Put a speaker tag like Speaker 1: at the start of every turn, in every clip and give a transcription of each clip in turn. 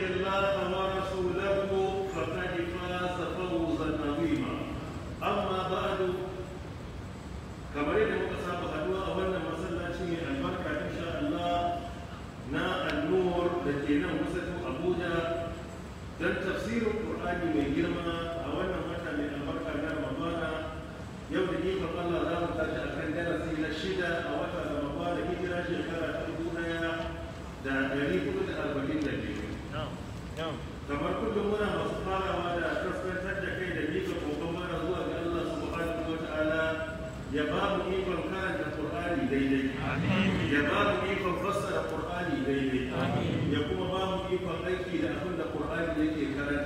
Speaker 1: الله ورسوله فقد فاز فوزا kamar muka saba haduwa a wannan masallaci mai albarka insha Allah na da ke Abuja don tafsirin Qur'ani mai girma a wannan wata mai albarka yau da ikon Allah za mu tashi a kan darasi na shida a wata shekara ta dubu da hudu da arba'in da biyu kamar kullum muna masu farawa da kaskantar da kai da miƙa kokon mara zuwa ga Allah subhanahu wa ta'ala ya ba mu ikon karanta Qur'ani daidai ya ba mu ikon fassara Qur'ani daidai ya kuma ba mu ikon aiki da abin da Qur'ani yake karanta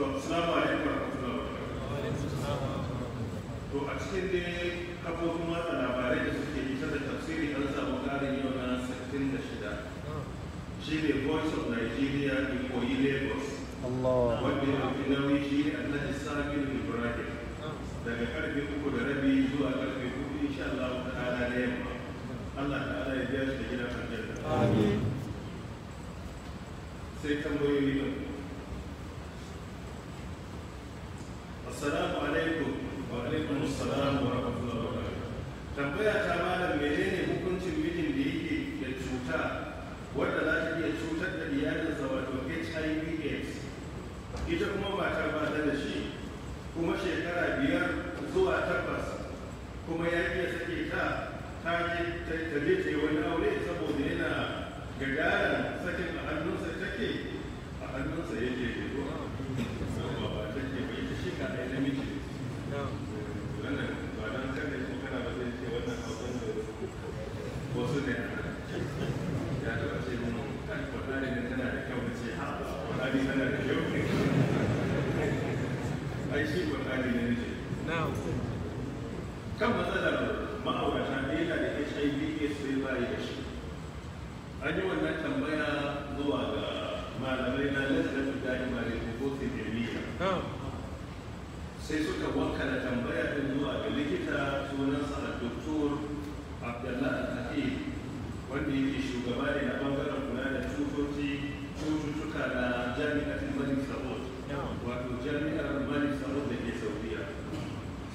Speaker 1: to assalamu alaikum warahmatullahi wabarakatuh to a cikin dai kafofin watsa labarai da suke ita da tafsiri an samu ƙarin yau na 66 shi ne voice of nigeria in koyi lagos wanda ya ɗauki nauyi shi ne annabi sabin ibrahim daga karfe uku da rabi zuwa karfe hudu insha Allah ala da yamma Allah ta'ala ya biya shi da gidan aljanna amin sai tambayoyi assalamu alaikum wa alaikum assalam wa rahmatullahi wa barakatuh tambaya ta malam menene hukuncin mijin da yake da cuta wanda za ta iya cutar da iyalinsa wato HIV AIDS ita kuma ba ta ba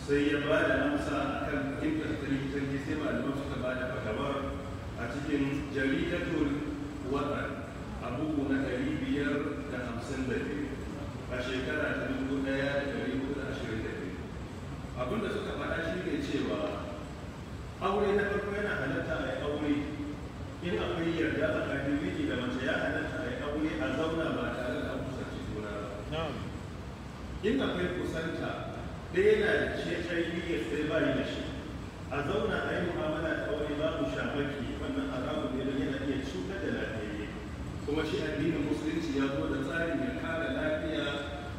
Speaker 1: sai ya ba da amsa a kan fahimtar ta yi sai malaman ta ba da fagabar a cikin jaridatul watan a bugu na ɗari biyar da hamsin da biyu a shekara ta dubu ɗaya da ɗari hudu da ashirin da biyu abin da suka faɗa shi ne cewa aure na farko yana halatta a yi aure in akwai yarda tsakanin miji da mace ya halatta a yi aure a zauna ba tare da an kusanci juna ba in akwai kusanta ɗaya na da shi ya kai sai ba yi da shi a zauna a yi mu'amala ta aure babu shafaki wannan haramun ne don yana iya cutar da lafiyayye kuma shi addinin musulunci ya zo da tsarin ya kare lafiya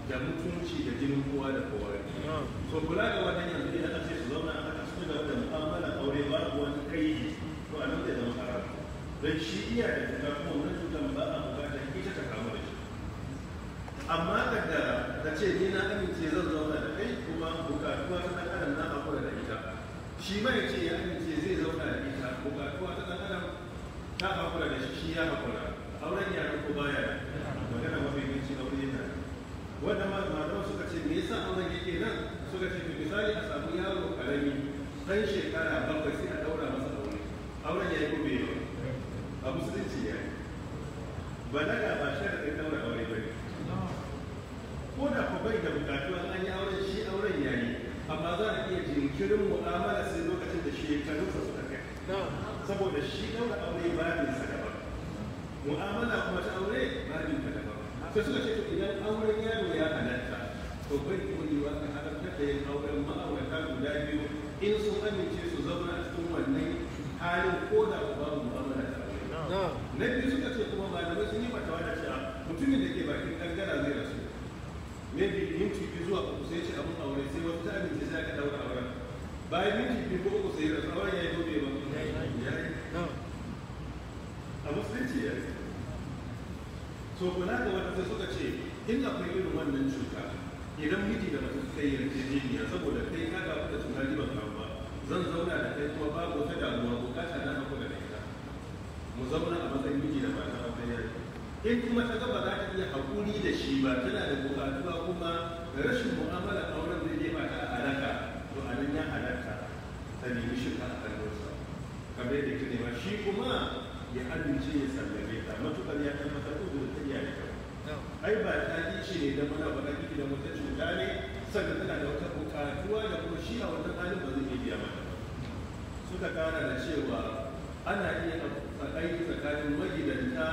Speaker 1: da mutunci da jinin kowa da kowa so kula ga wannan yanzu idan aka ce su zauna a haka su da wannan mu'amala aure babu wani kai to a nan da zama haramun don shi iya da ta kuma wannan cutan ba a bukatar ita ta kama amma daga ka ce ni na amince zan zauna da kai kuma bukatuwa ta ɗan adam na haƙura da ita shi ma ya ce ya amince zai zauna da ita bukatuwa ta ɗan adam ta haƙura da shi shi ya da auren ya ko baya magana mafi yanci aure yana wanda malaman suka ce me yasa auren yake nan suka ce misali a samu yaro karami ɗan shekara bakwai sai a ɗaura masa aure auren ya yi ko bai a musulunci ya yi daga ba sharaɗin ɗaura aure ba ne ko da ku bai da bukatu an yi auren shi auren ya yi amma za a iya jinkirin mu'amala sai lokacin da su suka kai saboda shi daura aure ba babin sa daban mu'amala kuma ta aure ba babin ta daban sai suka ce idan auren yaro ya halatta to bai koyewa a halartar da yin auren ma'aurata guda biyu in sun amince su zauna a cikin wannan halin ko da babu mu'amala ta aure na biyu mutumin da ke bakin kankara zai rasu maybe minti ciki zuwa ku sai ce abin aure sai wata ta amince sai aka daura auren bayan minti biyu ko ku sai rasu auren ya yi gobe ba a musulunci ya yi so kuna ga wata sai suka ce in akwai irin wannan cuta idan miji da mace suka yarjejeniya saboda kai ka ga wata cuta ni ban kawo ba zan zauna da kai kuma babu wata damuwa bukata na haku da ita mu zauna a matsayin miji da mata a in kuma ta ga za ta iya haƙuri da shi ba tana da buƙatuwa kuma da rashin mu'amala auren zai nema ta a halaka to a nan ya halaka ta nemi shi shirka a kalmarsa kamar yadda ta nema shi kuma ya amince ya sallame ta matuƙar ya tabbatar da ta iya da kyau ai ba ta ce ne da mana ba ta da wata cuta ne sannan tana da wata buƙatuwa da kuma shi a wata halin ba zai iya biya mata ba suka kara da cewa ana iya aiki tsakanin magidanta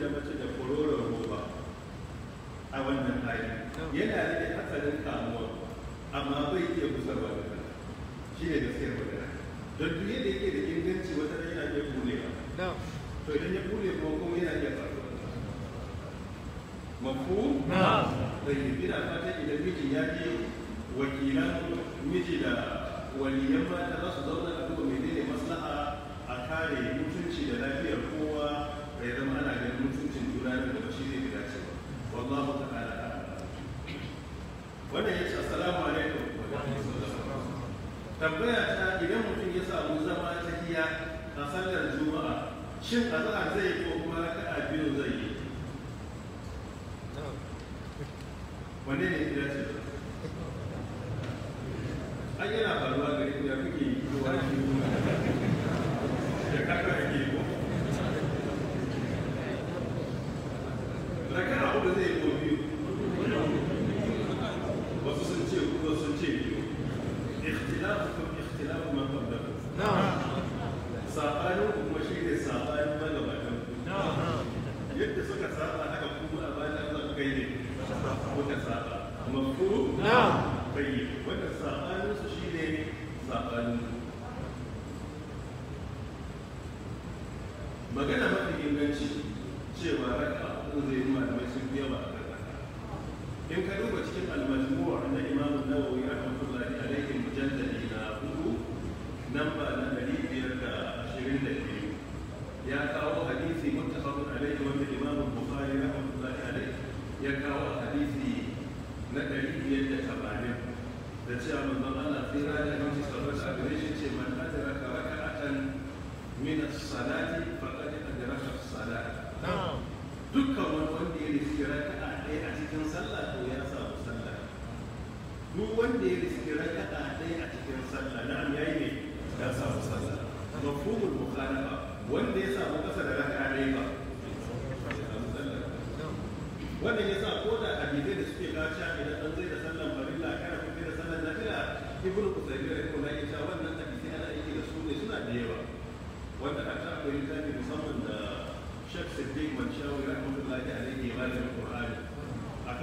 Speaker 1: da mace da kororon roba a wannan hali yana rage hatsarin kamuwa amma bai iya gusarwa da shi ne da gaskiyar magana don duk da yake da inganci wata na yana iya bulewa to idan ya bule kuma kuma yana iya faruwa mafu na ɗaya ina fata idan mijin ya je wakilan miji da waliyan mata za su zauna a kuma menene maslaha a kare mutunci da lafiyar wanda ya ce assalamu alaikum tambaya ta idan mutum ya samu zama ta hiya a sallar juma'a shin azhar zai yi ko kuma raka'a biyu zai yi wanne ne ya ce An yana faruwa gari ya kuke yi ko wani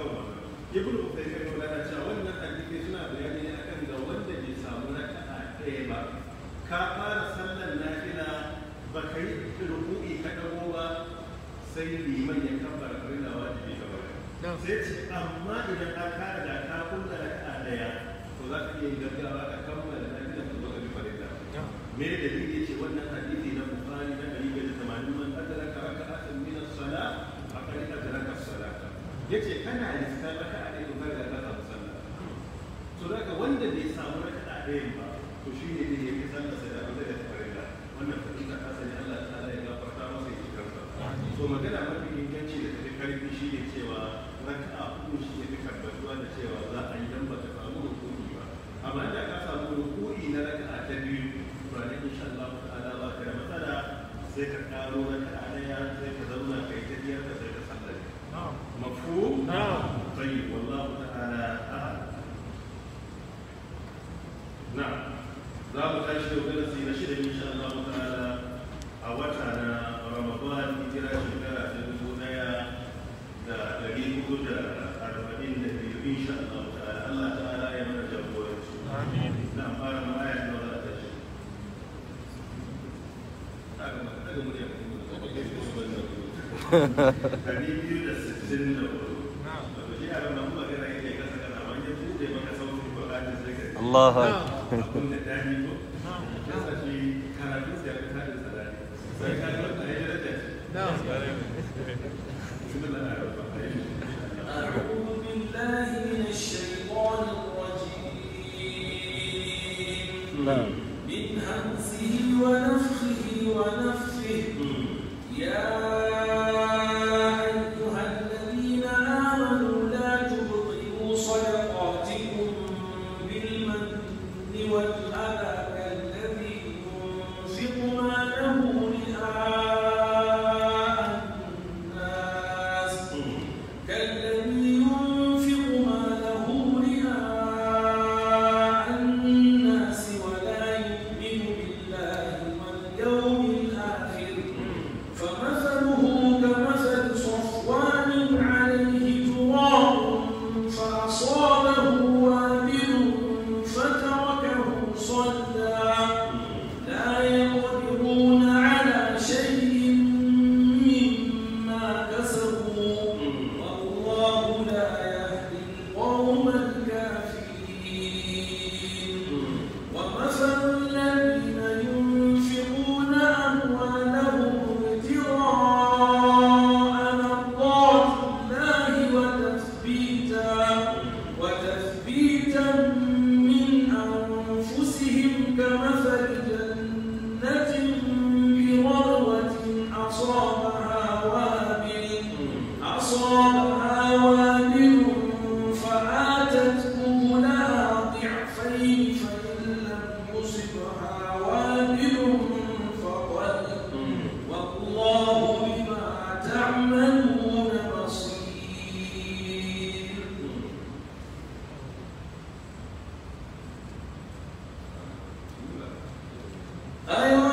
Speaker 1: kan wannan ibn Uthaymeen magana cewa wannan hadisi suna bayani ne akan da wanda bai samu raka'a ɗaya ba ka fara sallar nafila ba ka yi ruku'i ka dago ba sai liman ya kabbara farilla wajibi ka bari sai ce amma idan ka kara da ka kunna raka'a ɗaya to za ka iya gaggawa ka kammala nafila ka zo ka bi farilla me dalili yace kana yin ta a ɗaya to kada ta samu to wanda bai samu raka a ba to الله أعوذ بالله من الشيطان الرجيم
Speaker 2: من همسه ونفخه ونفخه 哎呦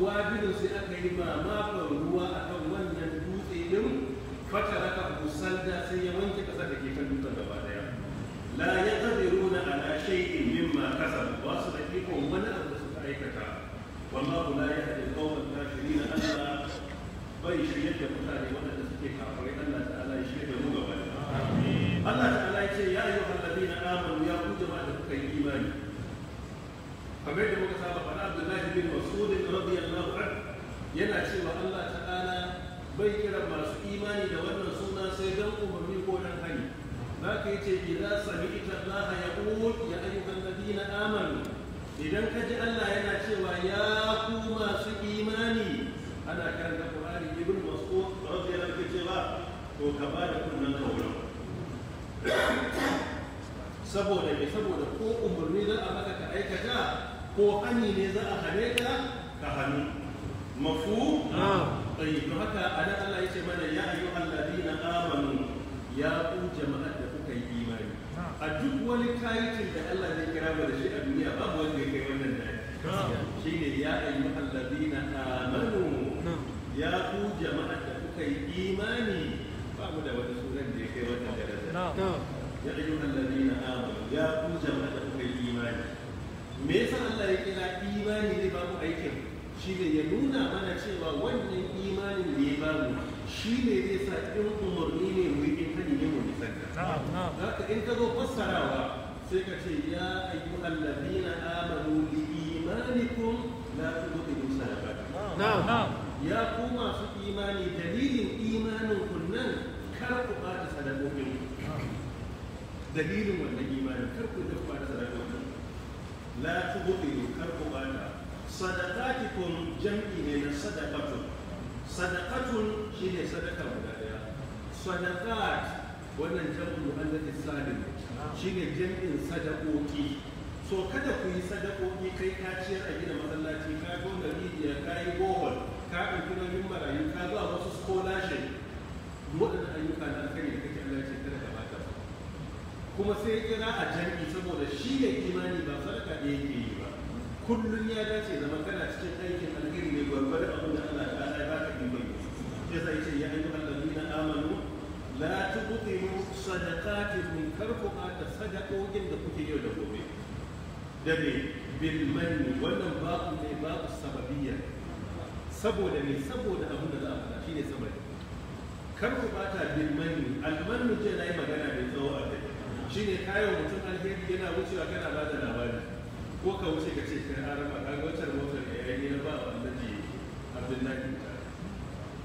Speaker 1: wabilin sai aka yi mamakon ruwa akan wannan dutse din fata raka musalda sai ya wanke kasa da ke kan dutsen gaba daya la ya qadiruna ala shay'in mimma kasabu ba su da ikon wani abu da suka aikata wallahu la yahdi al-qawma al na Allah bai shirye da mutane waɗanda suke kafirai Allah ta'ala ya shirye da mu gaba Allah ta'ala ya ce ya ayyuhal ladina amanu ya ku jama'a da kuka yi imani kamar da muka saba faɗa Abdullahi bin Mas'ud radiyallahu anhu yana cewa Allah ta'ala bai kira masu imani da wannan suna sai dan umarni ko dan hali ce yace idza sami'ta Allah yaqul ya ayyuhal ladina amanu idan ka ji Allah yana cewa ya ku masu imani ana karanta Qur'ani ibn Mas'ud radiyallahu anhu cewa to ka ba da kunnan kaura saboda me saboda ko umarni za a maka ka aikata ko hani ne za a hane ka ka hannu mafu tsayi to haka a nan Allah ya ce mana ya ayyu alladina amanu ya ku jama'ar da kuka yi imani a duk wani kayakin da Allah zai kira mu da shi a duniya babu wanda ya kai wannan da shi ne ya ayyu alladina amanu ya ku jama'ar da kuka yi imani ba mu da wani sunan da ya kai wannan da. ya ayyu alladina amanu ya ku jama'ar me yasa Allah ya kira imani zai ba mu aikin shi ne ya nuna mana cewa wannan imanin da ya ba mu shi ne zai sa in umarni ne mu yi in hani ne mu nisanta za ka in ka zo fassarawa sai ka ce ya ayyuhal ladina amanu bi imanikum la tudhibu sadaqat na'am ya ku masu imani dalilin imanin kunnan kar ku bada sadaqokin dalilin wannan imanin kar ku da bada sadaqokin la tubtilu kar ku bata sadaqatikum jam'i ne na sadaqatun shine sadaka guda wannan jam'u muannath salim shine jam'in sadaqoki so kada ku yi sadakoki kai ka ciyar a gina masallaci ka tona rijiya ka yi bohol ka ɗauki nauyin marayu ka zuwa wasu scholarship waɗanda ayyuka na alkhairi kake Allah ya ce kada ka kuma sai kira a jami'i saboda shi ne imani ba sadaka da yake yi ba kullum ya dace zama kana cikin aikin alheri ne gwargwadon abin da Allah ta ya baka imani ya sai ce ya ayyuhal ladina amanu la tubtilu sadaqatikum karfuqa ata sadaqokin da kuke yau da gobe da ne bil manni wannan ku ne babu sababiyya saboda ne saboda abin da za a faɗa shine sababi kar ku bata bil manni al manni ce na yi magana mai tsawo a kai ne kayan mutum alheri yana wucewa kana ba da labari ko ka wuce ka ce kai arama ka ga wucar motar da yayi na ba wa annabi abdullahi ta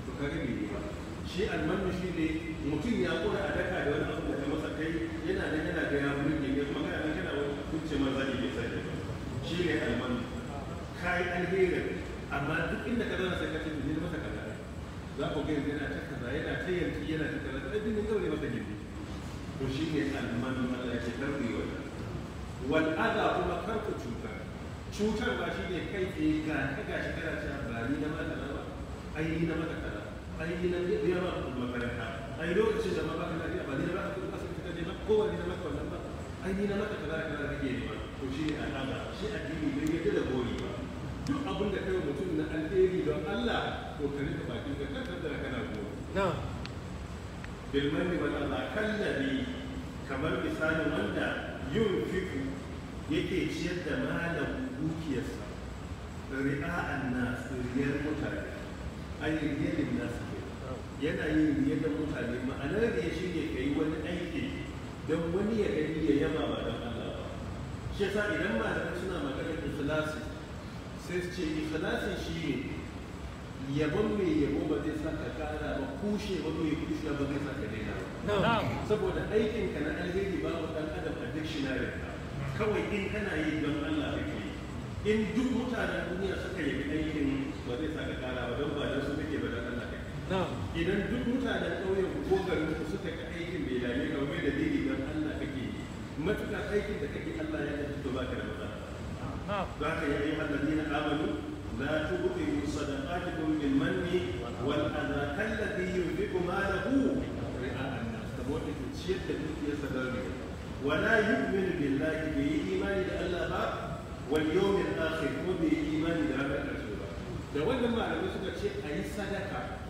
Speaker 1: to ka kare ne ba shi almanu shi ne mutum ya kora a daka da wani abu da ta masa kai yana nan yana ga ya burge ne kuma kana nan kana wani kunce man zani ne sai shi ne almanu kai alheri amma duk inda ka zauna sai ka ce ne masa kaza za ku ga yana ta kaza yana ta yanki yana ta kaza abin ne kawai masa gidi to shi ne almanu Allah ke karbi wannan wal adha kuma karku cutar cutar ba shi ne kai tsaye ga ka kana cewa ba ni mata ba ai ni na mata kaza ai ni na biya ma kuɗin makaranta ai lokacin da ma ba ka ba ni ba ka ba ni mata wannan ba ai ni mata kake ne ba shi ne shi addini da gori ba duk abin da kai mutum na alheri don Allah to ka rika bakin ka kan kaddara kana gori na'am bilmanni wal Allah kallabi kamar misalin wanda yin fiku yake ciyar da malam dukiyarsa ri'a'an nas riyar mutane ai riyar nas yana yin riyar da mutane ma'anar da shi ne yi wani aiki don wani ya gani ya yaba ba don Allah ba shi yasa idan malamai suna maganar ikhlasi sai su ce shi ne yabon mai yabo ba zai sa ka kara ba kushe ba mai kushe ba zai sa ka daina ba saboda aikin ka na alheri ba wa dan adam a dictionary kawai in kana yi don Allah ka kake in duk mutanen duniya suka yi aikin ba zai sa ka kara ba don ba dan su kake ba dan Allah kake idan duk mutanen ƙauyen ko garin ku suka ka aikin mai dame ka ba da dalili don Allah ka kake matukar aikin da kake Allah ya tafi ba ka da matsala za ka yi ayyuhan ladina amanu لا تبقي من صدقاتكم بالمن والأذى كالذي ينفق ماله ولا يؤمن بالله بإيمان الله واليوم الآخر وبإيمان ذهب الرسول da wannan ma a rabu suka ce a yi sadaka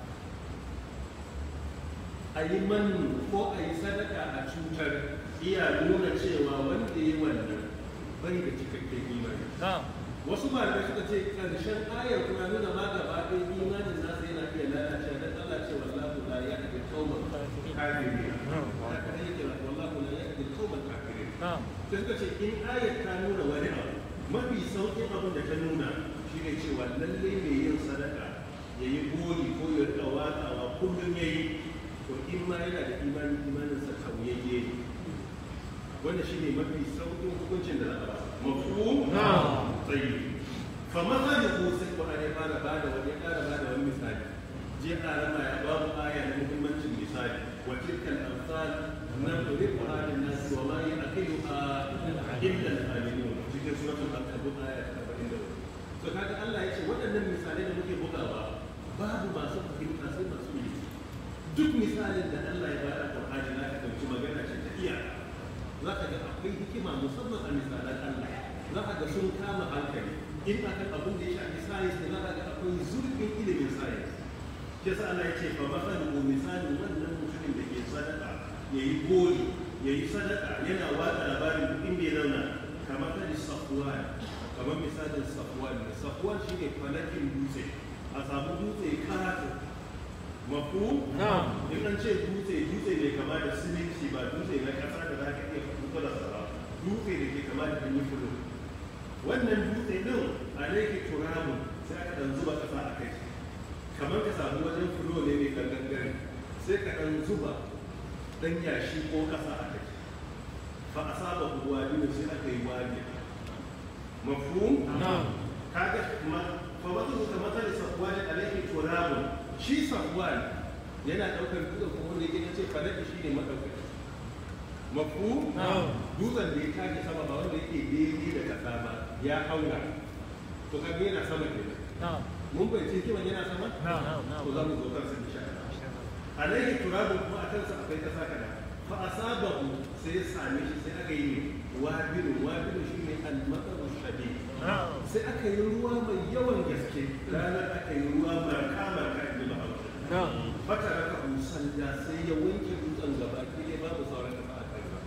Speaker 1: a yi mannu ko a yi sadaka a cutar iya nuna cewa wanda ya yi wannan bai da cikakken imani wasu malamai suka ce karshen ayar kuma nuna ma gaba ɗaya imanin nasa yana iya lalacewa dan Allah ce wallahu la yahdi kauma kafirin haka ne yake wallahu la yahdi qauman kafirin sai suka ce in ayar ta nuna wani abu mafi sauƙin abin da ta nuna shi ne cewa lallai mai yin sadaka ya yi gori ko ya rika watsawa kullum ya yi to in ma yana da imanin imaninsa kauyayye wanda ne mafi sauƙin hukuncin da za a ba tsayi kamar hali ko sai ko ya fara ba da wani ya ƙara ba wani misali je a rama ya babu aya na muhimmancin misali wa tilkal amsal na turiku halin nasu wa ma yi akilu a illal alimun cikin suratul al-kabut aya ta 74 to kaga Allah ya ce waɗannan misalai da muke bugawa babu masu fahimta sai masu yi duk misalin da Allah ya bada Qur'ani na ka dauki magana ce ta iya za ka ga akwai hikima musamman a misalan Allah za a ga sun kama hankali in akan abin da ya shafi science da za a ga akwai zurfin ilimin science ke sa Allah ya ce ba masal mu misali wannan mutumin da ke sadaka ya yi goli ya yi sadaka yana watsa labarin duk inda ya zauna kamar kan safuwan kamar misalin safuwan ne safuwan shi ne kwanakin dutse a samu dutse karatu mafu na'am in an ce dutse dutse ne kamar da siminti ba dutse na kasa da za ka iya kuma da sara dutse da ke kamar da yi fulo wannan dutse din a laiki turamun sai aka ɗan zuba ƙasa a kai kamar ka samu wajen fulo ne mai kan sai ka ɗan zuba ɗan yashi ko ƙasa a kai fa a saba ruwa biyu sai aka yi wani mafhum kaga fa wata su kamar da safuwa ne a laifin turamun shi safuwa yana ɗaukar dutsen kuma wanda ya ce falaki shi ne maɗaukaki mafu dutsen da ya tage sama ba wanda yake daidai da kasa ba ya haura to ka ga yana sama ke mun bai ce kiwon yana sama to za mu zo kansa insha Allah alaihi turabun kuma a kansa akwai kasa kada fa asabahu sai ya same shi sai aka yi wabiru wabiru ne al-mataru shadid sai aka yi ruwa mai yawan gaske ranar aka yi ruwa marka marka in ba fata da raka musanda sai ya wanke dutsen gaba ke ne babu sauran da ba a kai ba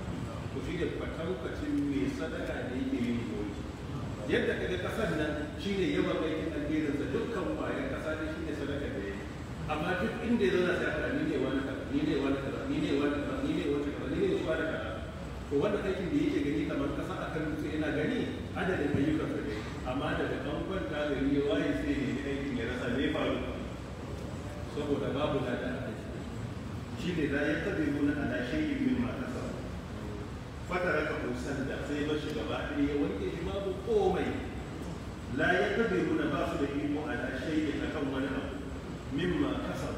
Speaker 1: ku shi da ce mai sadaka da yake yin goji yadda kaga kasar nan shine yawan aikin alherin sa dukkan kwayar kasa ne shine sadaka da yake amma duk inda ya zauna sai fara ni ne wani kaza ni ne wani kaza ni ne wani kaza ni ne wani kaza ni ne wani kaza to wanda aikin da yake gani kamar kasa akan mutu yana gani adadin ayyukan sa ne amma daga kan kwanta da ni waye sai ne aikin ya rasa ne faru saboda babu da da shi ne da ya tabi nuna ala shay'in min ma فترك موسندا زي ما شغبا وانت جماعه قومي لا يقدرون باص بهم على شيء kan wani abu mimma kasar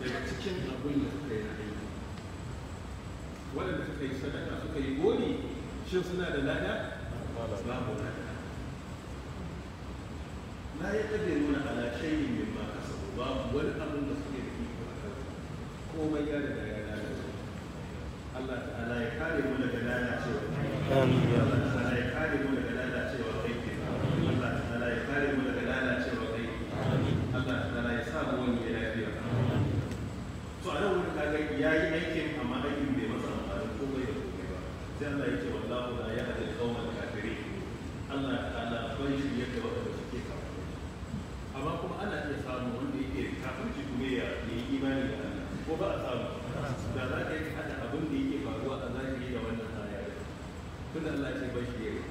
Speaker 1: daga cikin abin da suka yi na aiki waɗanda suka yi sadaka suka yi goli shin suna da lada babu lada la ya ƙabe nuna ala shayin mimma kasar babu wani abin da suke da iko a kansa komai ya da ya Allah ta'ala ya kare mu daga ya a amma kuma ana iya samu imani ko ba a samu da za ka yi hada abin da yake faruwa a zahiri da wannan aya tunda Allah ce ba shi yare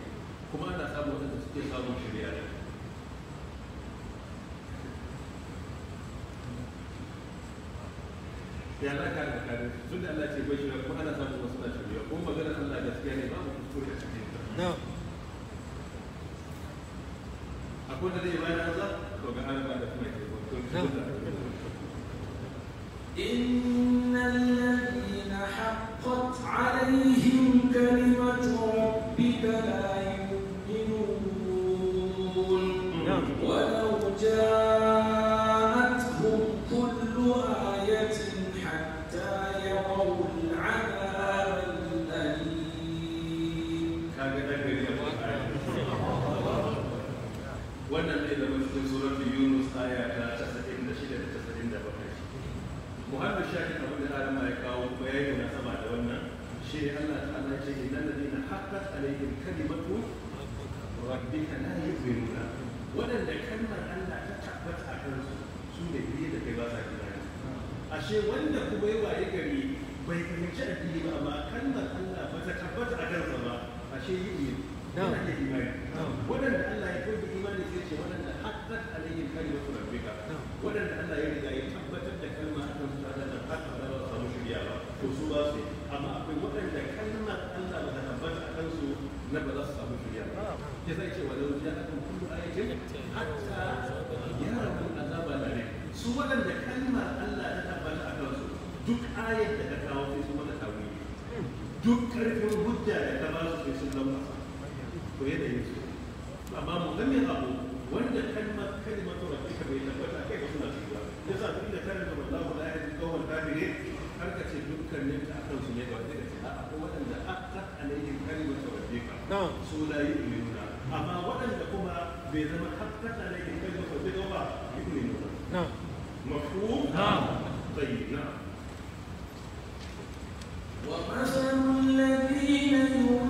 Speaker 1: kuma ana samu wanda suke samun shirya ne ya na kare da kare tunda Allah ce ba shi yare kuma ana samun wasu na shirya kuma magana Allah gaskiya ne ba mu kuskure a cikin ta akwai da zai bayan Allah to ga an ba da kuma ya yi duk karfin hujja da ta ba su sai sun zama to yanayin su amma mu gane abu wanda kalmar kalmar to rabbika bai tabbata kai ba suna cewa yasa duk da kalmar wallahu la yahdi qawmal kafirin har ka ce dukkanin ta akan su ne ba zai ka ce a akwai waɗanda akka alaihim kalmar to rabbika su la bai zama hakka alaihim
Speaker 2: ba ومثل الذين يؤمنون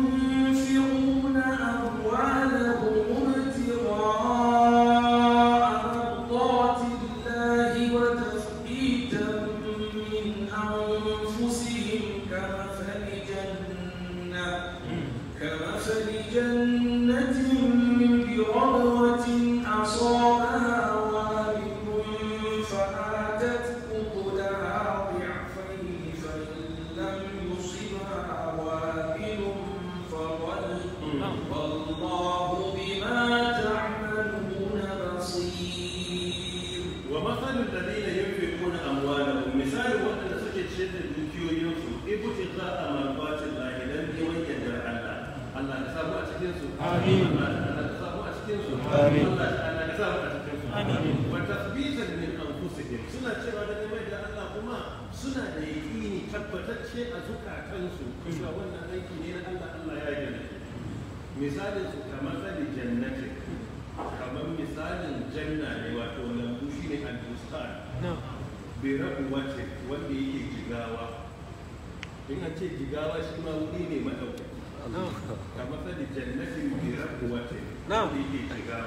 Speaker 1: da yake shiga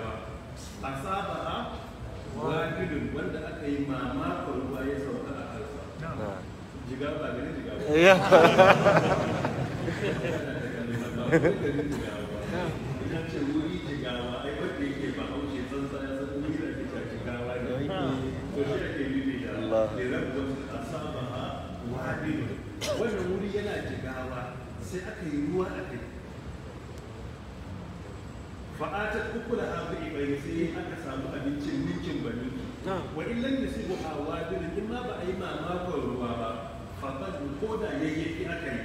Speaker 1: ba wanda aka yi mamakon ruwa ya sauka a kansa jiga ba gani jiga ina ce wuri ai wanda yake ba haushe san sa ya san wuri da ke ne shi ake da ha wannan wuri yana jigawa sai aka yi ruwa a kai fa'atat ukulaha bai sai aka samu abincin ninkin banin wa illan yusibuha wadin in ma ba a yi mamakon ruwa ba faqad ko da yayyafi aka yi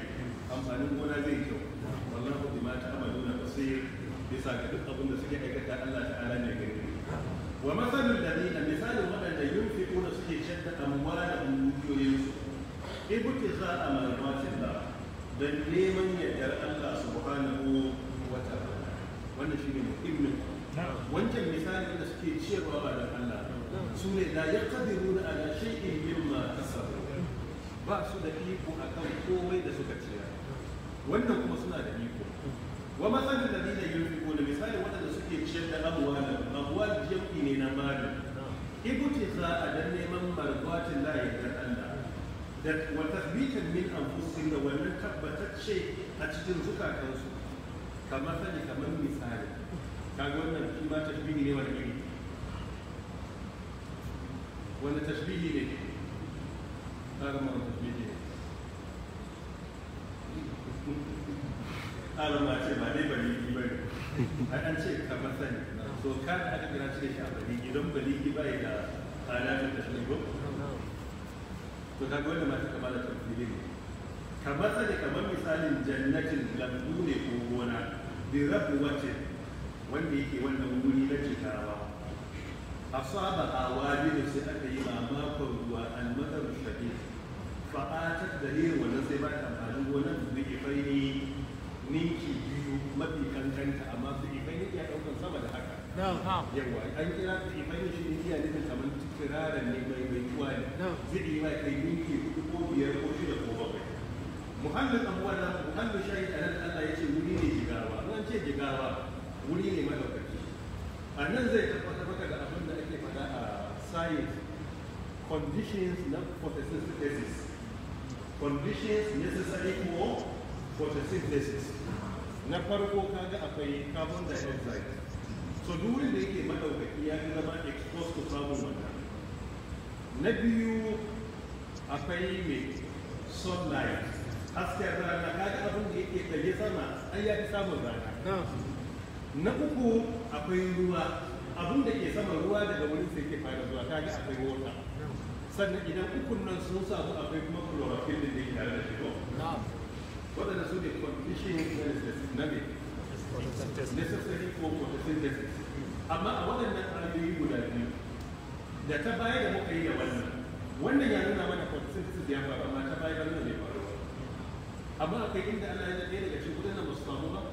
Speaker 1: amfanin gona zai kyau wallahu bima ta'maluna basir bisa ga duk abin da suke aikata Allah ta'ala ne gani wa masalul ladina misalin wadanda yunfiquna suke shadda amwalahum dukiyoyinsu ibtiza'a marwatillah dan neman yardar Allah subhanahu wa ta'ala wannan muhimmin wancan misali da suke cewa ba da Allah su ne la yaqdiruna ala shay'in mimma kasabu ba su da iko akan komai da suka ciyar wannan kuma suna da iko wa masalin da dina yunfiqu da misali waɗanda suke ciyar da amwal amwal
Speaker 3: jam'i ne na mali za a dan neman marwatin layi dan
Speaker 1: Allah da wa tathbitan min anfusihim da wannan tabbatacce a cikin zukatansu kamar sani kamar misali kaga wannan shi ma tashbihi ne wani iri wani tashbihi ne kaga ma wani tashbihi ne ala ma ce ba dai baligi ba ne a an ce kamar sani so kan aka kira shi da shi a baligi don baligi ba ya da alaƙar tashbihi ba to kaga wannan ma ta kamala tashbihi ne kamar sani kamar misalin jannatin lambu ne ko gona bi rabu wacin wanda yake wannan wuri na cikawa asaba a waje wajen sai aka yi mamakon ruwa an matsar shaɗi fa'atar da ne wannan sai ba ta amfani gonar da zai ifai ne ninki biyu mafi kankanta amma su ifai ne iya ɗaukar sama da haka yawa an kira su ifai ne shi ne iya nufin kamar kiraren ne mai mai tuwa ne zai yi mai kai ninki hudu ko biyar ko shida ko bakwai muhallin abuwa na muhallin shayi a nan Allah ya ce wuri ne jigawa ke jigawa wuri ne madaukaki a nan zai tabbatar maka da abin da ake faɗa a science conditions na photosynthesis conditions necessary for photosynthesis na farko kaga akwai carbon dioxide so duk wurin da yake madaukaki ya fi zama exposed to carbon wannan na biyu akwai mai sunlight hasken rana kaga abin da yake tsaye sama an ya fi samun rana na uku akwai ruwa abin da ke sama ruwa daga wurin sai ke fara zuwa ta ga akwai wata sannan idan ukun nan sun samu akwai kuma chlorophyll da ke tare da shi ko wadanda su ne condition na ne necessary for photosynthesis amma a waɗannan alamomi guda biyu da ta baya da muka yi da wannan wannan ya nuna mana photosynthesis ya faru amma ta baya da nuna bai faru amma akwai inda Allah ya daɗe daga cikin waɗannan ba su samu ba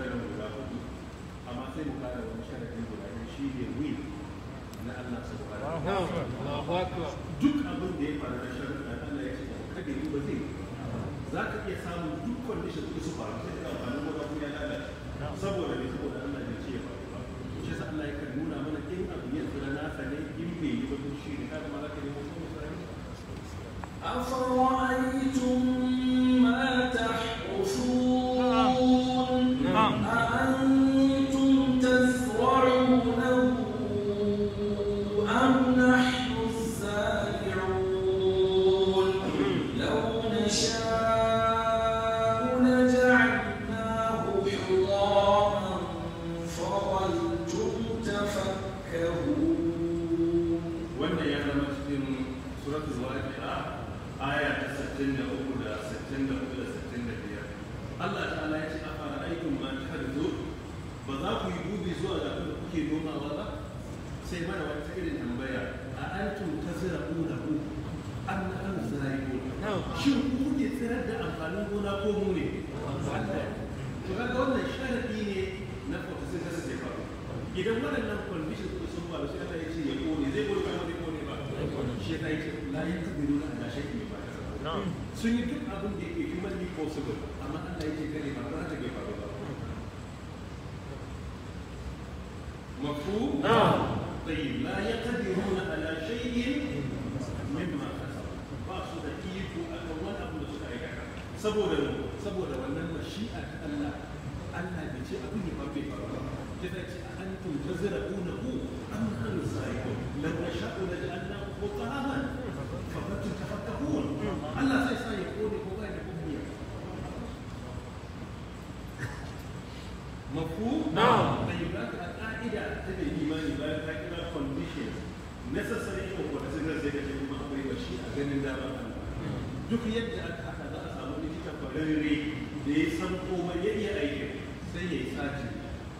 Speaker 1: nan guda hudu amma sai mu kada wani sharadi guda ɗaya shi ne will na Allah subhanahu wa duk abin da ya faru na sharuɗa Allah ya ce kada yi ba zai za ka iya samun duk condition da su faru sai ka amfani ko kuma ya lalace saboda ne saboda Allah ya ce ya faru ba shi yasa Allah yakan nuna mana in abu ya tsira nasa ne in bai yi ba to shi ne kada ma za ka nemo kuma sai an nuna na shakki duk abin da yake humanly possible amma Allah ya ce kare ba za ta ke faru ba مفهوم؟ نعم طيب لا يقدرون على شيء مما كسبوا باسو da iko abu da suka saboda saboda wannan mashi'a Allah Allah bai ce abin ya bai faru ba kida ce antum tazra'unahu am antum sa'iqun lam nasha'u laj'alnahu fafatun Allah zai sa ya kone ko da kuma ya ka imani ta kira condition necessary for a ganin dama duk yadda aka haka za a samu likita kwararre da ya ya sai ya yi sati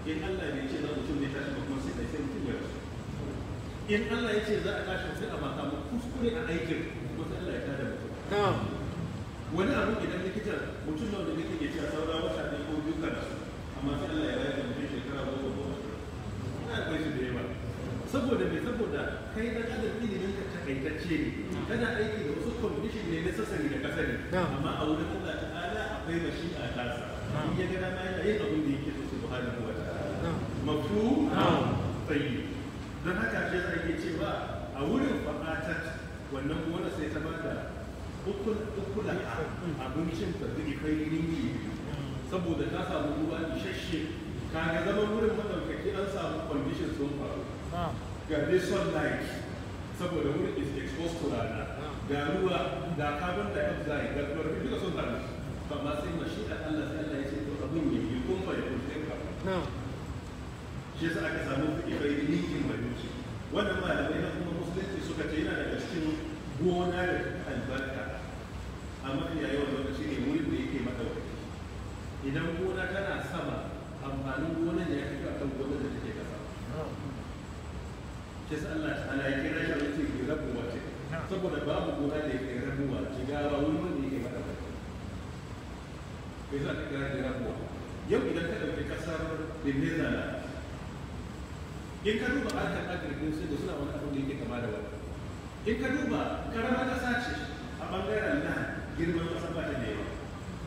Speaker 1: in Allah ce za mutum ne kuma sai ya in Allah ya ce za a tashi sai a baka kuskure a aikin wata Allah ya tada mutum wani abu idan likita mutum da wani likita ke cewa saura wata ɗaya ko dukkan kada amma sai Allah ya rayar da mutum shekara goma ko ina akwai su da yawa saboda me saboda kai dan adam ilimin ka takaitacce ne kana aiki da wasu condition ne na sassani da kasari amma a wurin Allah ta'ala akwai mashi'a a sa in ya ga ma yana yin abin da yake so subhanahu wa ta'ala mafu tayyib don haka shi yake cewa a wurin fafatar wannan gona sai ta bada ukula abincin da zai kai rinji saboda ta samu ruwa isasshe ga zaman wurin madaukaki an samu condition sun faru ah. ga dai sunlight saboda wurin is exposed to rana ga ruwa ga carbon dioxide ga chlorine duka sun faru ma sai mashi'ar Allah sai Allah ya ce to abin ya yi kun fa ya kuma ah. shi yasa aka samu kuɗi bai ninkin wani wannan malamai na suka ce yana daga cikin gona da ta albarka a mafiya yawan lokaci ne wurin da yake madaukaki idan gona tana sama amfanin gona ne ya fito kan gona da take kasa ke sa Allah ta ala yake rashin yake ke rabuwa ce saboda babu gona da yake rabuwa ce gawa wurin da yake madaukaki ke sa ta kira shi rabuwa yau idan ka ɗauki ƙasar Venezuela in ka duba harkar agrikin sai da suna wani abin da yake kama da wani in ka duba karamar ƙasa ce a bangaren nan girman ƙasa ba ta da yawa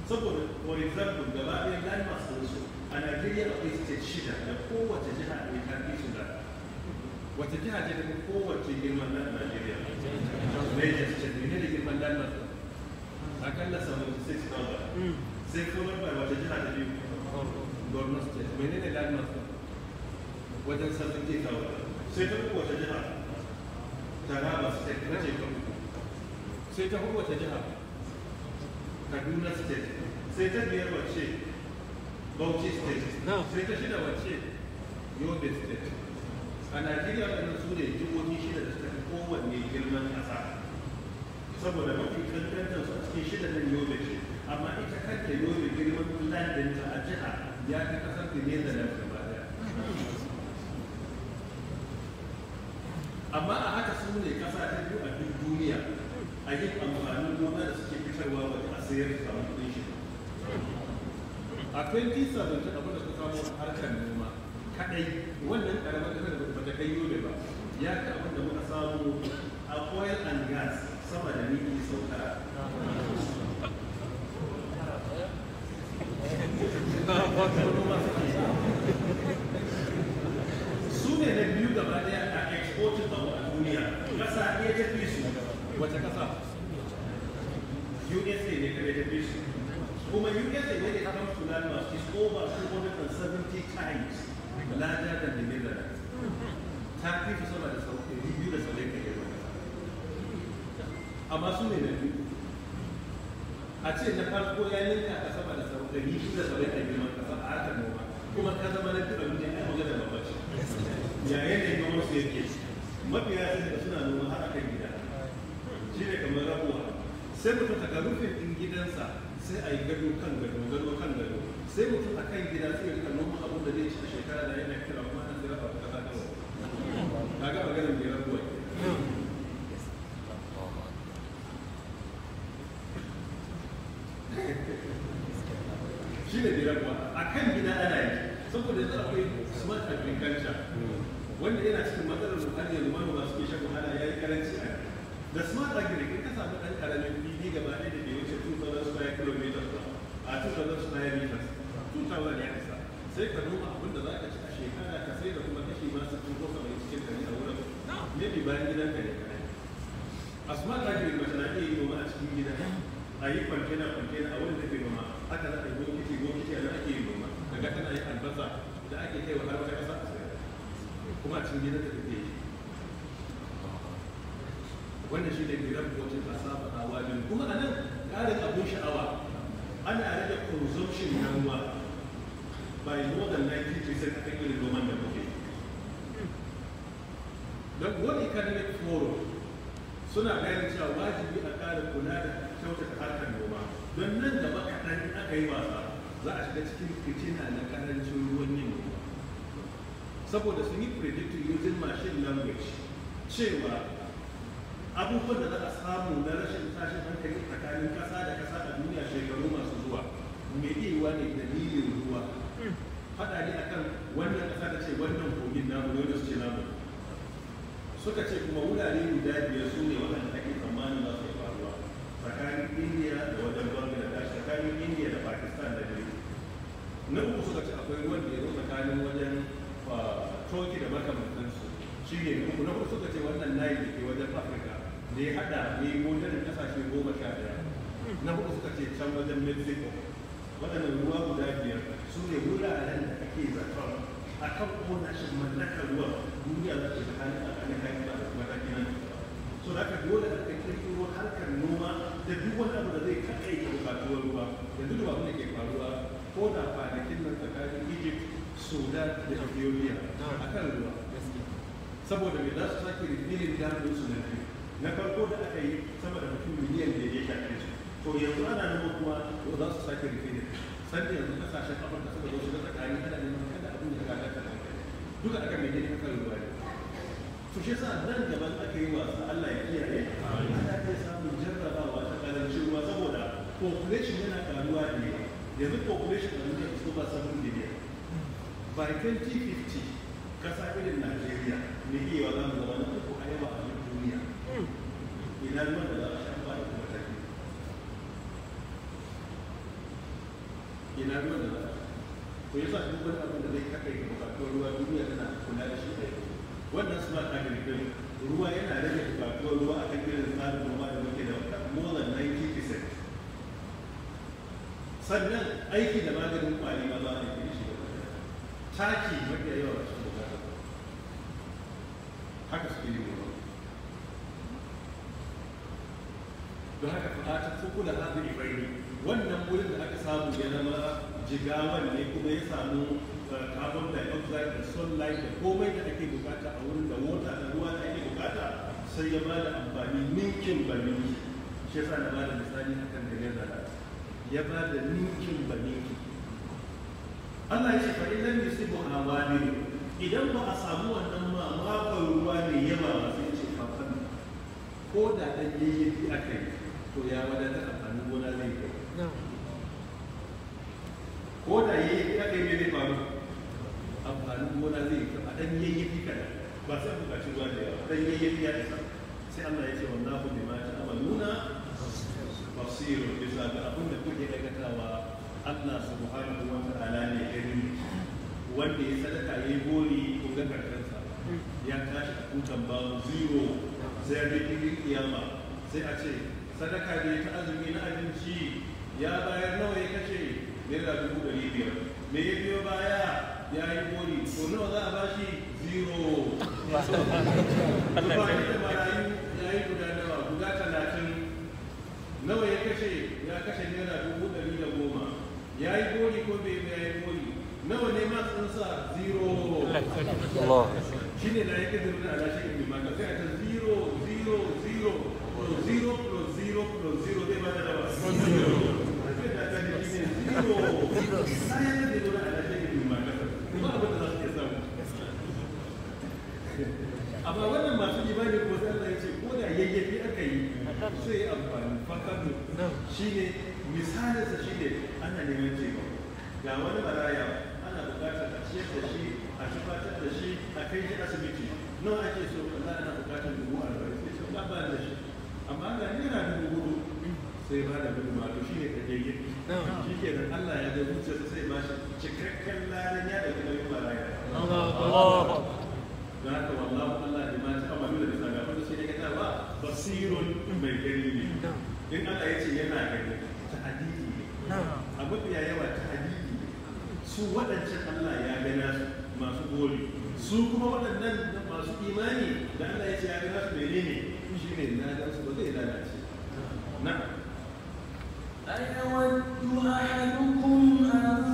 Speaker 1: saboda for example gaba ɗaya land mass su a Najeriya akwai state shida da kowace jiha ne ta fi su da wace jiha ce ta kowace girman nan a Najeriya Niger state ne da girman land mass akalla sama da 6,000 sai kuma bai wace jiha ta biyu Borno state ne land mass wajen 70,000 sai ta kowace jiha taraba state na ce sai ta kowace jiha kaduna state sai ta biyar bauchi state sai ta shida wace yobe state a najeriya wannan su ne jihohi shida da suka kowanne girman ƙasa saboda mafi kankantar su a cikin shida nan yobe ce amma ita kanta yobe girman landinta a jiha ya fi ƙasar da amma a haka su ne kasa ta biyu a duk duniya a yin amfanin gona da suke fitarwa waje a sayar da samun kudin shi a 2017 abu da suka samu harkar noma kadai wannan karamar kasar da ba ta kai yobe ba ya ka abin da muka samu a oil and gas sama da miki sau tara Thank you. a ce na farko ya ninka ka sama da sau ɗari da saba'in a girman a haka noma kuma ka zama na tuba mutum ya magana bambanci ya yanayin noma su yake ya sun da suna noma har akan gida shi ne kamar rabuwa sai mutum ta ka rufe ɗin gidansa sai a yi gado kan gado gado kan gado sai mutum a kan gida sai ya rika noma abin da zai ci a shekara da yana kira kuma wanda yana cikin wannan shi ne gidan kocin a saba a wajen kuma a nan ƙarin abin sha'awa ana rage consumption na ruwa by more than 90% a kan irin noman da muke don wani kanilin Foro suna bayan cewa wajibi a ƙarin kula da kyautata harkar noma don nan gaba kaɗan aka yi wasa za a shiga cikin fitina na ƙarancin ruwan yin noma saboda sun yi predicting using machine language cewa abubuwan da za a samu na rashin tashin hankali tsakanin ƙasa da ƙasa a duniya shekaru masu zuwa mai iya ne dalilin ruwa faɗa ne a kan wannan ƙasa ta ce wannan kogin namu da su ce namu suka ce kuma wurare guda biyar su ne waɗanda ake tsammanin za su yi faruwa tsakanin indiya da wajen da tsakanin indiya da pakistan da dare na uku suka ce akwai ruwan da ya zo tsakanin wajen ah, turkey da makamantansu shi ne na uku suka ce wannan layi da ke wajen afirka da ya hada lemonin kasashe goma sha daya na hudu suka ce can wajen mexico waɗannan ruwa guda biyar su ne wuraren da ake zaton a kan ƙonashin mallakar ruwa duniya za ta shiga halin alƙalin kayan da kuma taki nan so da aka dole a ka kirkiro harkar noma da duk wani abu da zai kaɗai ta bukatuwa ruwa yanzu da abin ke faruwa ko da kwanakin nan tsakanin egypt sudan da ethiopia a kan ruwa saboda me za su sake rikinin damin su na biyu na farko da aka yi sama da mutum miliyan da ya shafe su to yanzu ana neman kuma to za su sake rufe ne san da yanzu kasashen afirka suka zo shiga tsakani ana neman kada abin da kaga ta duka aka mai ne akan ruwa ne to shi yasa nan gaban aka yi wasa Allah ya kiyaye ana iya samun jarrabawa ta karancin ruwa saboda population yana karuwa ne yanzu population da su ba over 7 billion by 2050 kasa irin Najeriya ne iya wa zamu zama na uku a yawa a duniya ina ruwan da za a sha da kuma tafi ina ruwan da za a ko sa duk abin da zai kaɗa ga bukatuwar ruwa duniya tana kula da shi ɗaya wannan smart ruwa yana rage bukatuwar ruwa a kan irin tsarin noma da muke da more than 90% sannan aiki da maganin kwari ma za a yi shi da taki mafi yawa a cikin don haka fata da hadiri raini wannan wurin da aka samu ya zama jigawan ne kuma ya samu eh, carbon dioxide da sunlight da komai da ake bukata a wurin da wata da ruwa da ake bukata sai ya ba da amfani ninkin ba ninki shi yasa na ba da misali hakan da ya zara ya ba da ninkin ba Allah ya ce fa idan ba awani idan ba a samu wannan ma mamakon ruwa mai yawa ba sai ce ko da dan yayi aka yi to ya wadatar amfanin gona zai kai ko da ya yi aka yi mai faru amfanin gona zai kai a ɗan yayyafi kada ba sai bukaci ruwa da yawa dan yayyafi ya isa sai Allah ya ce wannan ku ne ma ta amaluna basiru bisa ga abin da kuke aikatawa Allah subhanahu wa ta'ala ne gani wanda ya sadaka ya yi gori kun ga karkarsa ya tashi a kutan ba zero sai ya kiyama sai a ce sadaka da ta azumi na abinci ya bayar nawa ya kashe naira dubu ɗari biyar me ya biyo baya ya yi kori ko nawa za a bashi zero kuma marayu ya yi guda nawa guda talatin nawa ya kashe ya kashe naira dubu ɗari da goma ya yi kori ko bai ya yi kori nawa ne ma sa zero shi ne da ya kadir da alashi ibn maka sai a ta zero zero zero zero plus zero plus zero zai
Speaker 3: ne da magana
Speaker 1: amma wannan masu imani ko sai Allah ya ce ko da yayyafi aka yi sai amfani fakadu shi ne misalinsa shi ana neman cewa ga wani maraya ana buƙatar a ciyar da shi a da shi a kai shi asibiti nan ake so Allah ana Allah yana da hudu sai ba da dubu to shi ne kajege shi ke nan Allah ya ga zuciyarsa sai ba shi cikakken lalan ya ɗauki nauyin baraya da haka wallahu Allah ne ma ta amalu da bisa ga wanda shi ne kada ba basirun mai gani ne in Allah ya ce yana gani ta hadidi ne a mafiya yawa ta hadidi ne su waɗancan Allah ya gana masu gori su kuma waɗannan masu imani da Allah ya ce ya gana su menene ne من هذا أسود إلى نفسه نعم. نعم أيود
Speaker 2: أحدكم أن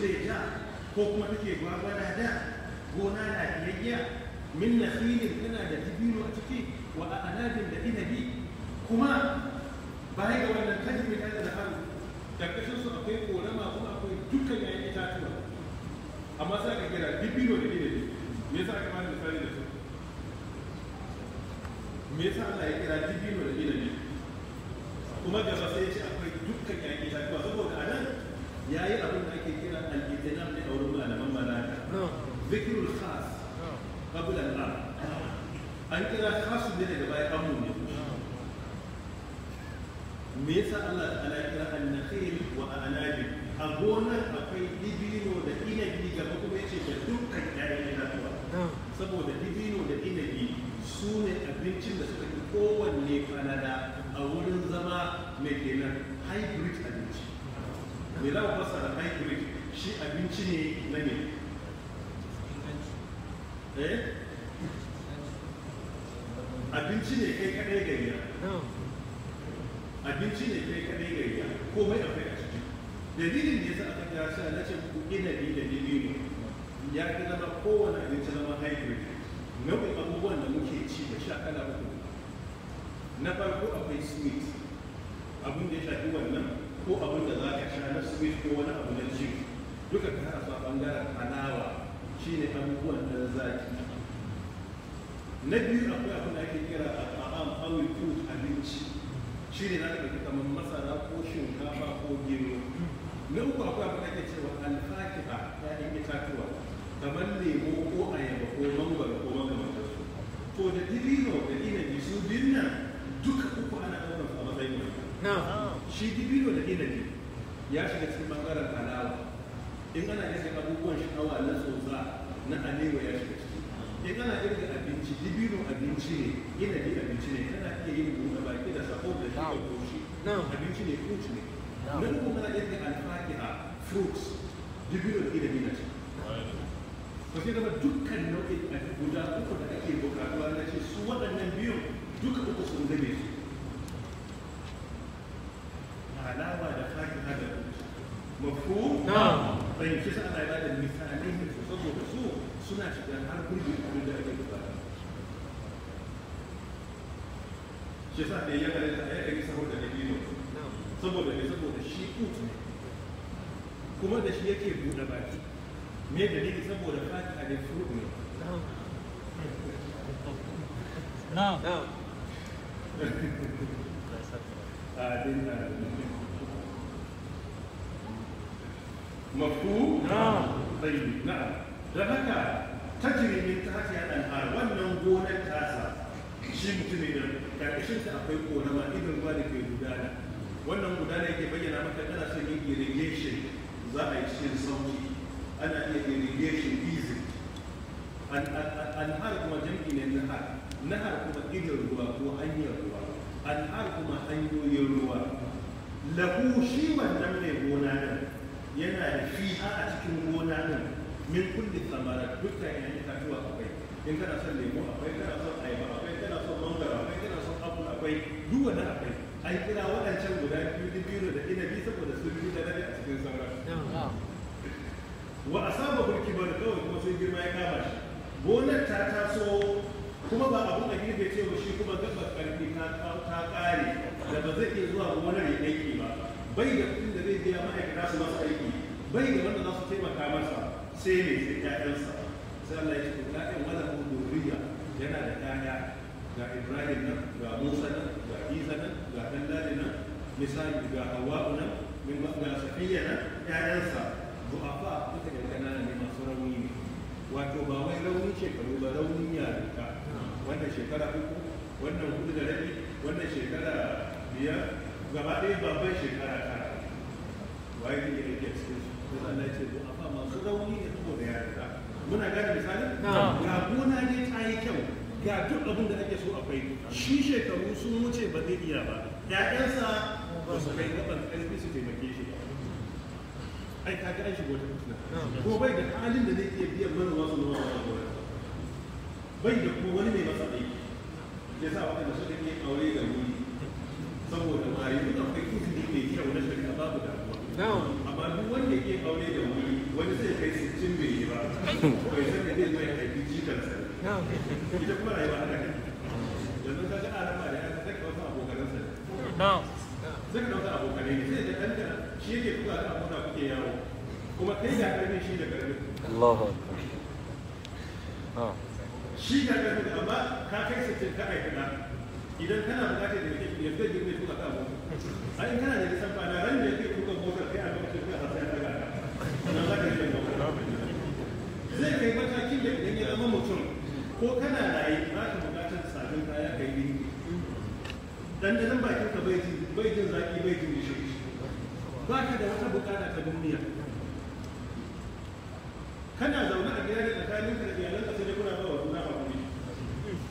Speaker 1: zai ko kuma take gwagwada da gona lafiyayya min nakhilin tana da dibino a ciki wa anabin da inabi kuma baya ga wannan kalmi ta da hannu karkashin su akwai korama kuma akwai dukkan itatuwa amma sai ka kira dibino da inabi me yasa aka bada misali da su me yasa Allah ya kira dibino da kuma in ana irin abubuwan shawa na tsotsa na alewa ya shiga ciki in ana da abinci dibino abinci ne inabi abinci ne kana iya yin buɗe baki da sako da shi da koshi abinci ne fruit ne nan kuma kana irin alfakiha fruits dibino inabi na ciki ba sai zama dukkan nau'in guda uku da ake bukatuwa na ce su waɗannan biyu duka uku sun gane su bai shi sa ana ba da misalai ne su saboda su suna shiga da ake gudana saboda dalilin saboda kuma da shi yake buɗe baki me saboda ne mafu tsayi na'am don haka ta haka ya ɗan wannan gonar tasa shi mutum ne da ƙarƙashin akwai ƙorama irin ruwa da ke gudana wannan gudana ke bayyana maka kana son yin irrigation za a yi cikin ana iya irrigation easy anhar kuma jam'i ne nahar kuma idan ko hanyar ruwa kuma hanyoyin ruwa lahu shi wannan mai gona yana da fiha a cikin gona din min kulli samara dukkan yana itatuwa akwai in kana son lemu akwai kana son ayaba akwai kana son mangoro akwai kana son apple akwai duk wani akwai an kira waɗancan guda biyu da biyu da bi saboda su biyu da dare a cikin saura wa asaba burki da kawai kuma sai girma ya kama shi gonar ta taso kuma ba abun da girbe ce ba shi kuma gaba karfi ta kare da ba zai iya zuwa gonar ya aiki ba bai da kudin da zai biya ma'aikata su masu aiki bai da wanda za su taimaka masa sai ne sai ƴaƴansa sai Allah ya ce ƴaƴan wala kuma doriya yana da ƴaƴa ga Ibrahim nan ga Musa nan ga Isa nan ga Dallali nan misali ga Hawwa nan min ga Safiya nan ƴaƴansa fa kuka ga kanana ne masu rauni ne wato ba wai rauni shekaru ba rauni yarinta wannan shekara uku wannan hudu da rabi wannan shekara biyar gaba ɗaya babban shekara tara Wai ne yake cikin su don ce ko afa masu rauni ne saboda yarda muna gane misali ga gona ne ta yi kyau ga duk abin da ake so akwai shi shekaru sun wuce ba zai iya ba ƴaƴansa ba su kai gaban ƙarfi su taimake shi ba ai ka ga an shigo ta fitina ko bai da halin da zai iya biyan mana wasu noma a ba. bai da kuma wani mai masa aiki ya sa wata waɗanda suka iya aure da wuri saboda ma yanzu akwai izini mai kyau na shari'a babu da amma duk wanda yake aure da wuri wani zai kai su cin bai yi ba bai san da zai zo ya haifi jikansa ita kuma rayuwa ana kai yanzu ka ga arama da ya zaka dauka abokanansa na'am zaka dauka abokanai ne sai da kanka shi yake kuka da abuna kuke yawo kuma kai da karfin shi da karfin Allahu akbar shi da karfin amma ka kai su cin ka haifi idan kana bukatar da yake yadda girme kuka ka abokan ai kana da zama mutum ko kana raye ba ka bukatar sabon kaya ka yi gini dandanan bakin ka bai jin bai jin zaki bai jin shi ba ka da wata bukata ta duniya kana zaune a gida da tsakanin ka da iyalan ka sai dai kuna ba wa ba kuma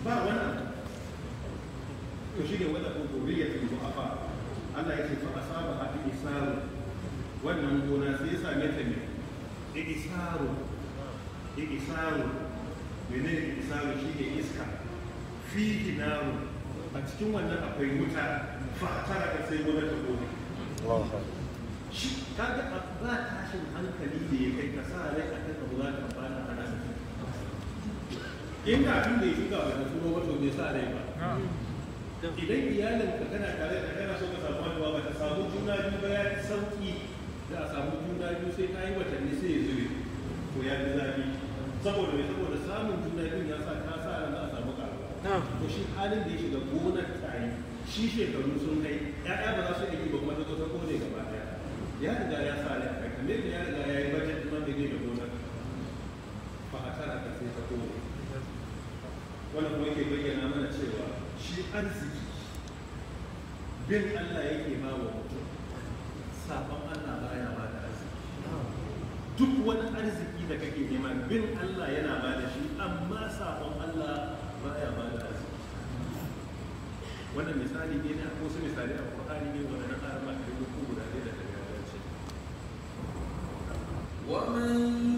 Speaker 1: ba wannan to shi ne wanda ko goriya ta yi ba Allah ya ce fa asaba ha fi isaru wannan gona sai ya same ta ne isaru isaru mene ne shi ne iska fi naru a cikin wannan akwai wuta fatara da sai na ta gode shi kaga ba tashin hankali da ya kai ka sa rai a kan abu za ka bana a in da abin da ya shiga ba da kuma wato bai sa rai ba idan iyalin ka kana tare da kana so ka samu haihuwa ba ta samu juna biyu ba ya sauki da a samu juna biyu sai ta yi watanni sai ya zube ko ya ga zafi saboda mai saboda samun juna biyun ya sa ka sa ran za a samu ƙaruwa to shi halin da ya shiga gonar tayi shi shekaru sun kai ya'ya ba za su yi ba kuma ta kusa kone gaba ɗaya ya riga ya sa ran kai kamar ya riga ya yi bajet kuma da ne da gonar ba a tara ka sai ta kone wannan kuma yake bayyana mana cewa shi arziki bin Allah yake ba wa mutum sabon Allah baya ba duk wani arziki da kake nema bin Allah yana ba da shi amma sabon Allah baya ba da arziki wannan misali ne na ko su misali a Qur'ani ne wannan arma da ko guda ne da daga ce wa man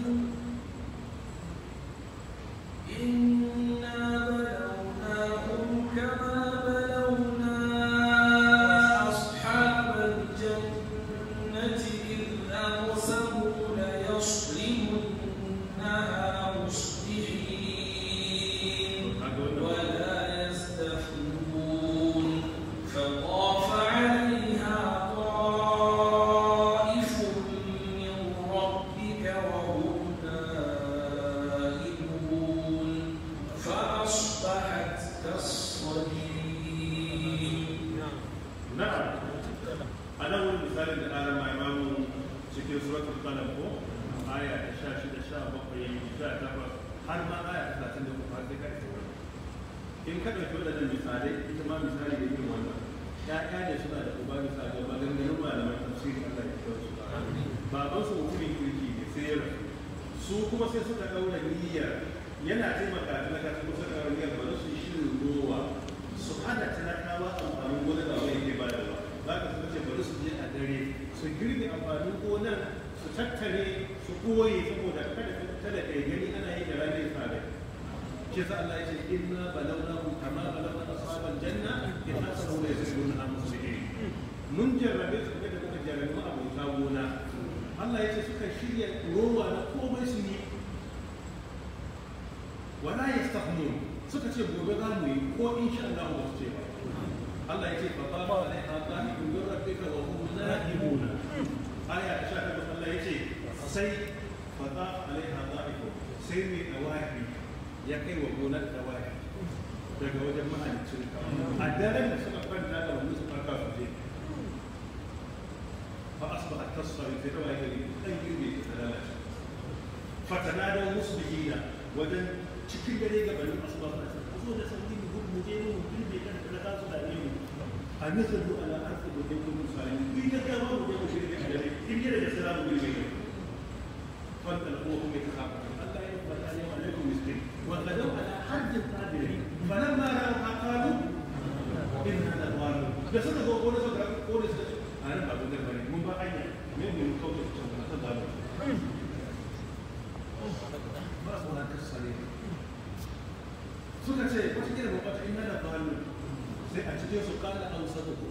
Speaker 1: ya kai wa gonar da waya daga wajen mahalicin a daren da suka kwanta da wani su farka su je fa asbaha tasari fi rawaya gari dan girbe ta lalace fatanadau musbihina wajen cikin dare gabanin asuba ta ce ku zo da sarki mu gudu mu je mu girbe kan da za su dame mu a nazaru ala arfi da dai kun musali ku yi gaggawa mu je mu shirye da dare in gida da salamu girbe kan fa da ko kuma ta haka Allah ya faɗa ne wa alaikum مسلم وغدوا على حد القادرين فلما راوها قالوا ان هذا ظالم بس انا بقول لك بقول لك انا بقول لك مو بقى من من كوكب شغله ظالم بعضها كالصليب suka ce wata kira babba ta inna da balu sai a cikin su kala an sadu ko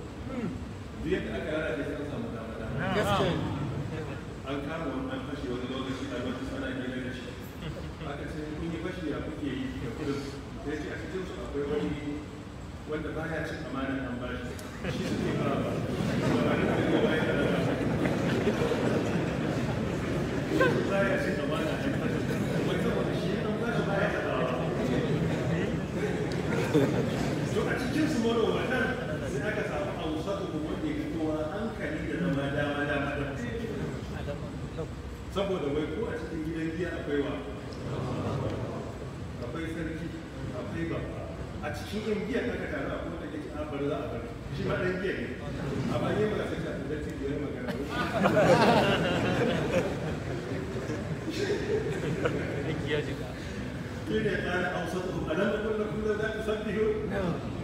Speaker 1: duk yadda aka rara da sai an samu dama dama an kama wani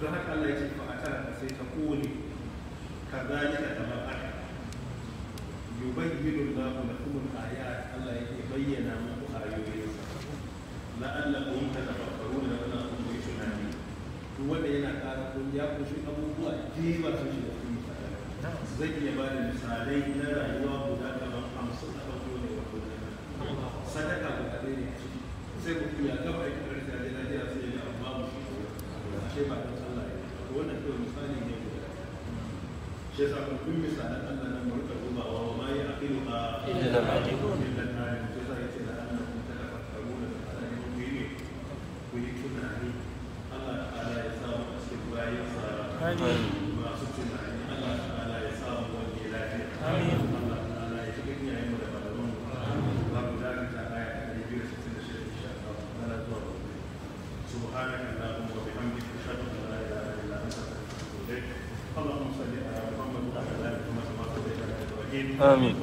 Speaker 1: don haka Allah ya ce fa a sai ta kone kazalika previous Аминь.